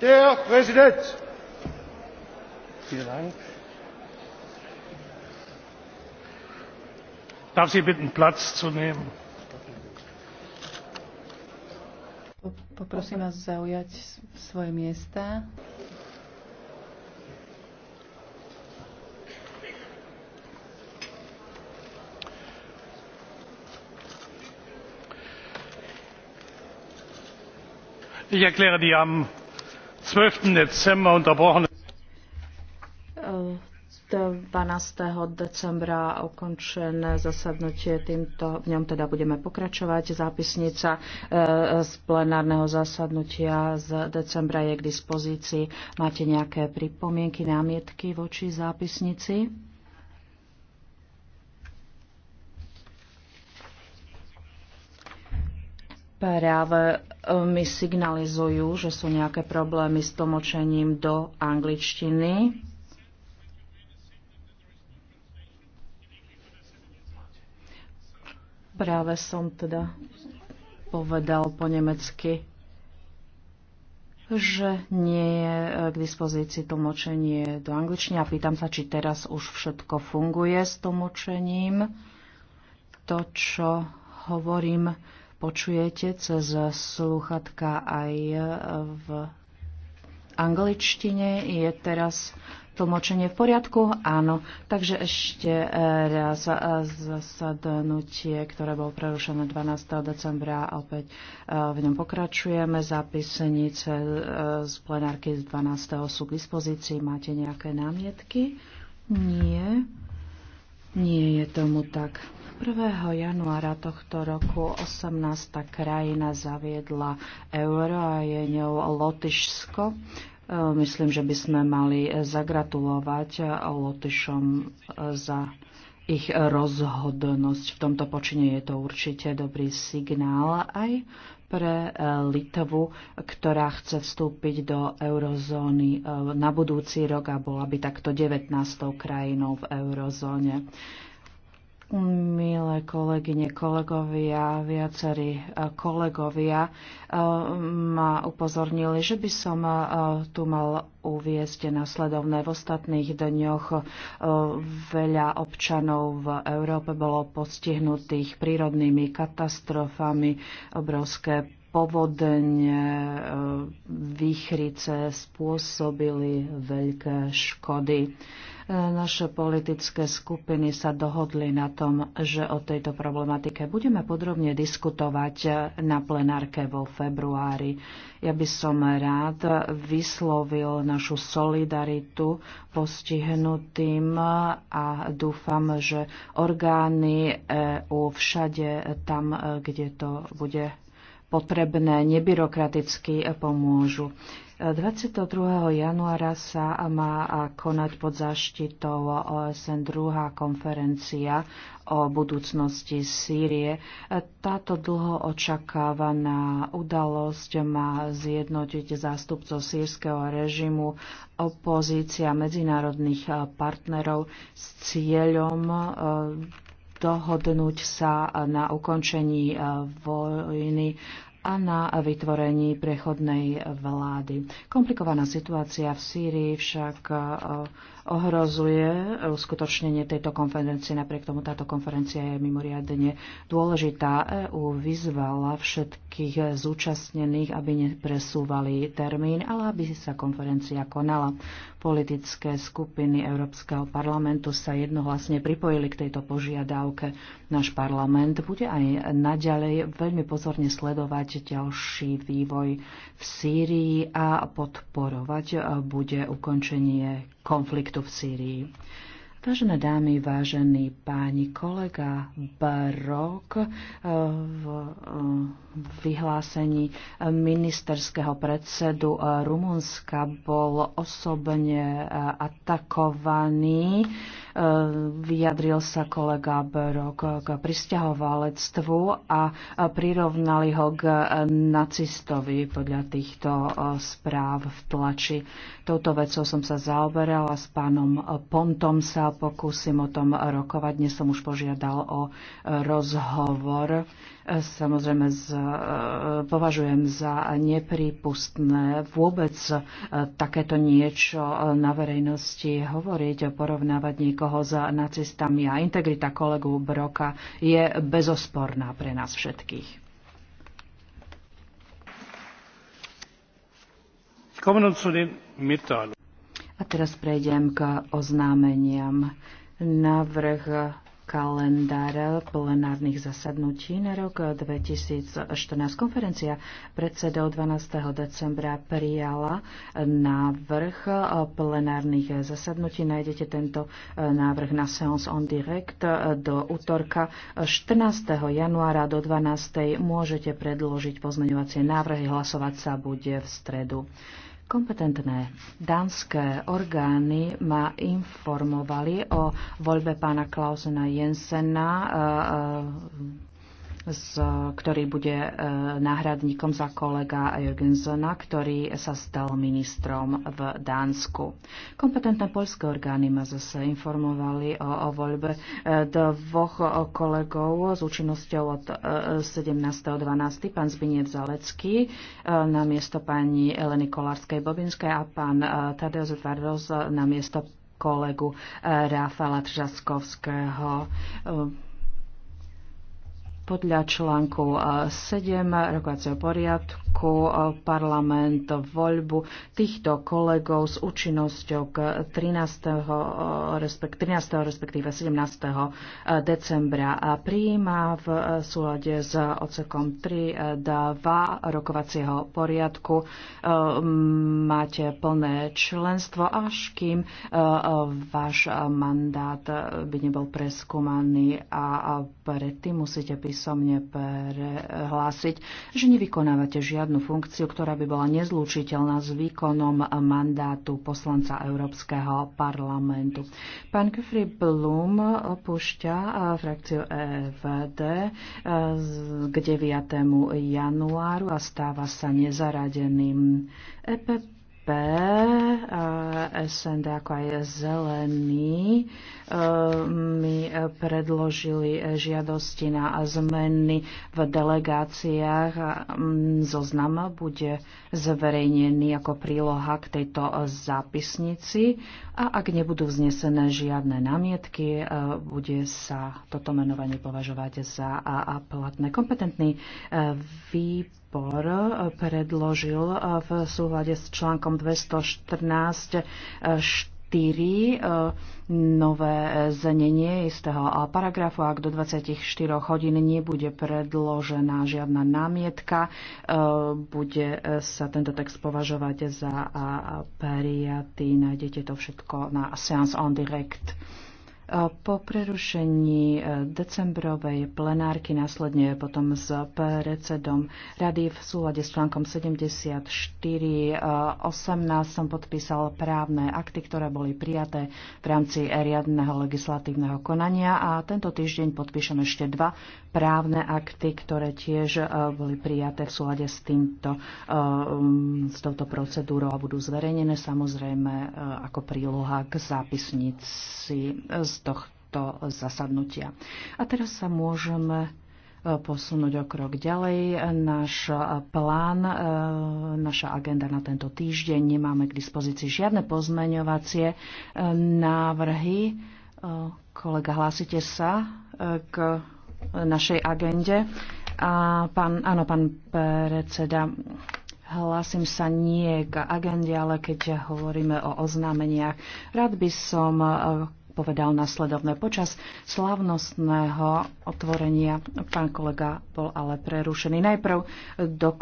Der Präsident! Vielen Dank. Darf Sie bitten, Platz zu nehmen? Poprosím vás zaujať svoje miesta. ich erkläre die am. 12. 12. decembra ukončené zasadnutie. Týmto v ňom teda budeme pokračovať. Zápisnica e, z plenárneho zasadnutia z decembra je k dispozícii. Máte nejaké pripomienky, námietky voči zápisnici? Práve e, mi signalizujú, že sú nejaké problémy s tlmočením do angličtiny. Práve som teda povedal po nemecky, že nie je e, k dispozícii tlmočenie do angličtiny a pýtam sa, či teraz už všetko funguje s tlmočením. To, čo hovorím, počujete cez sluchatka aj v angličtine. Je teraz tlmočenie v poriadku? Áno. Takže ešte e, raz e, zasadnutie, ktoré bolo prerušené 12. decembra, a opäť e, v ňom pokračujeme. Zapisenice z plenárky z 12. sú k dispozícii. Máte nejaké námietky? Nie. Nie je tomu tak. 1. januára tohto roku 18. krajina zaviedla euro a je ňou Lotyšsko. E, myslím, že by sme mali zagratulovať Lotyšom e, za ich rozhodnosť v tomto počine je to určite dobrý signál aj pre e, Litvu, ktorá chce vstúpiť do eurozóny na budúci rok a bola by takto 19. krajinou v eurozóne. Milé kolegyne, kolegovia, viacerí e, kolegovia e, ma upozornili, že by som e, tu mal uviezť nasledovné. V ostatných dňoch veľa občanov v Európe bolo postihnutých prírodnými katastrofami, obrovské povodne, výchrice spôsobili veľké škody. Naše politické skupiny sa dohodli na tom, že o tejto problematike budeme podrobne diskutovať na plenárke vo februári. Ja by som rád vyslovil našu solidaritu postihnutým a dúfam, že orgány EU všade tam, kde to bude potrebné, nebyrokraticky pomôžu. 22. januára sa má konať pod záštitou OSN druhá konferencia o budúcnosti Sýrie. Táto dlho očakávaná udalosť má zjednotiť zástupcov sírskeho režimu, opozícia medzinárodných partnerov s cieľom dohodnúť sa na ukončení vojny a na vytvorení prechodnej vlády. Komplikovaná situácia v Sýrii však e, ohrozuje uskutočnenie tejto konferencie. Napriek tomu táto konferencia je mimoriadne dôležitá. EU vyzvala všetkých zúčastnených, aby nepresúvali termín, ale aby sa konferencia konala. Politické skupiny Európskeho parlamentu sa jednohlasne pripojili k tejto požiadavke. Náš parlament bude aj naďalej veľmi pozorne sledovať sledovať ďalší vývoj v Sýrii a podporovať e, bude ukončenie konfliktu v Sýrii. Vážené dámy, vážení páni, kolega Barok e, v e, vyhlásení ministerského predsedu Rumunska bol osobne atakovaný Eh, vyjadril sa kolega Brok k pristahovalectvu a prirovnali ho k nacistovi podľa týchto eh, správ v tlači. Touto vecou som sa zaoberala s pánom Pontom sa pokúsim o tom rokovať. Dnes som už požiadal o eh, rozhovor. Samozrejme z, považujem za neprípustné vôbec takéto niečo na verejnosti hovoriť, porovnávať niekoho niekoho za nacistami a integrita kolegu Broka je bezosporná pre nás všetkých. A teraz prejdem k oznámeniam. Navrh kalendár plenárnych zasadnutí na rok 2014. Konferencia predsedov 12. decembra prijala návrh plenárnych zasadnutí. Nájdete tento návrh na Seance on Direct do útorka 14. januára do 12. môžete predložiť pozmeňovacie návrhy. Hlasovať sa bude v stredu. Kompetentné dánske orgány ma informovali o voľbe pána Klausena Jensena e, e, z, ktorý bude e, náhradníkom za kolega Jürgensena, ktorý sa stal ministrom v Dánsku. Kompetentné poľské orgány ma zase informovali o, o voľbe e, dvoch kolegov s účinnosťou od 17.12. E, pán Zbigniew Zalecký na miesto pani Eleny Kolárskej-Bobinskej a pán Tadeusz Vardos na miesto kolegu Rafala Tržaskovského. Podľa článku 7 e, rokovacieho poriadku e, parlament voľbu týchto kolegov s účinnosťou k 13. Respekt, 13. respektíve 17. E, decembra prijíma v súlade s ocekom 3 2 rokovacieho poriadku. Máte plné členstvo, až kým váš mandát by nebol preskúmaný a predtým musíte písať písomne prehlásiť, že nevykonávate žiadnu funkciu, ktorá by bola nezlučiteľná s výkonom mandátu poslanca Európskeho parlamentu. Pán Kufri Blum opúšťa frakciu EFD k 9. januáru a stáva sa nezaradeným. EPP, SND ako aj zelený mi predložili žiadosti na zmeny v delegáciách. Zoznam bude zverejnený ako príloha k tejto zápisnici a ak nebudú vznesené žiadne námietky, bude sa toto menovanie považovať za platné. Kompetentný výbor e, výbor predložil v súhľade s článkom 214 E, nové znenie istého paragrafu. Ak do 24 hodín nebude predložená žiadna námietka, e, bude sa tento text považovať za prijatý. Nájdete to všetko na Seance on Direct. Po prerušení e, decembrovej plenárky následne potom s predsedom rady v súlade s článkom 74 18 e, som podpísal právne akty, ktoré boli prijaté v rámci riadneho legislatívneho konania a tento týždeň podpíšem ešte dva právne akty, ktoré tiež e, boli prijaté v súlade s, týmto, s touto procedúrou a budú zverejnené samozrejme ako príloha k zápisnici z tohto zasadnutia. A teraz sa môžeme e, posunúť o krok ďalej. Náš e, plán, e, naša agenda na tento týždeň, nemáme k dispozícii žiadne pozmeňovacie návrhy. Kolega, hlásite sa k našej agende. A pán, áno, pán predseda, Hlásim sa nie k agende, ale keď hovoríme o oznámeniach, rád by som povedal nasledovné. Počas slávnostného otvorenia pán kolega bol ale prerušený. Najprv do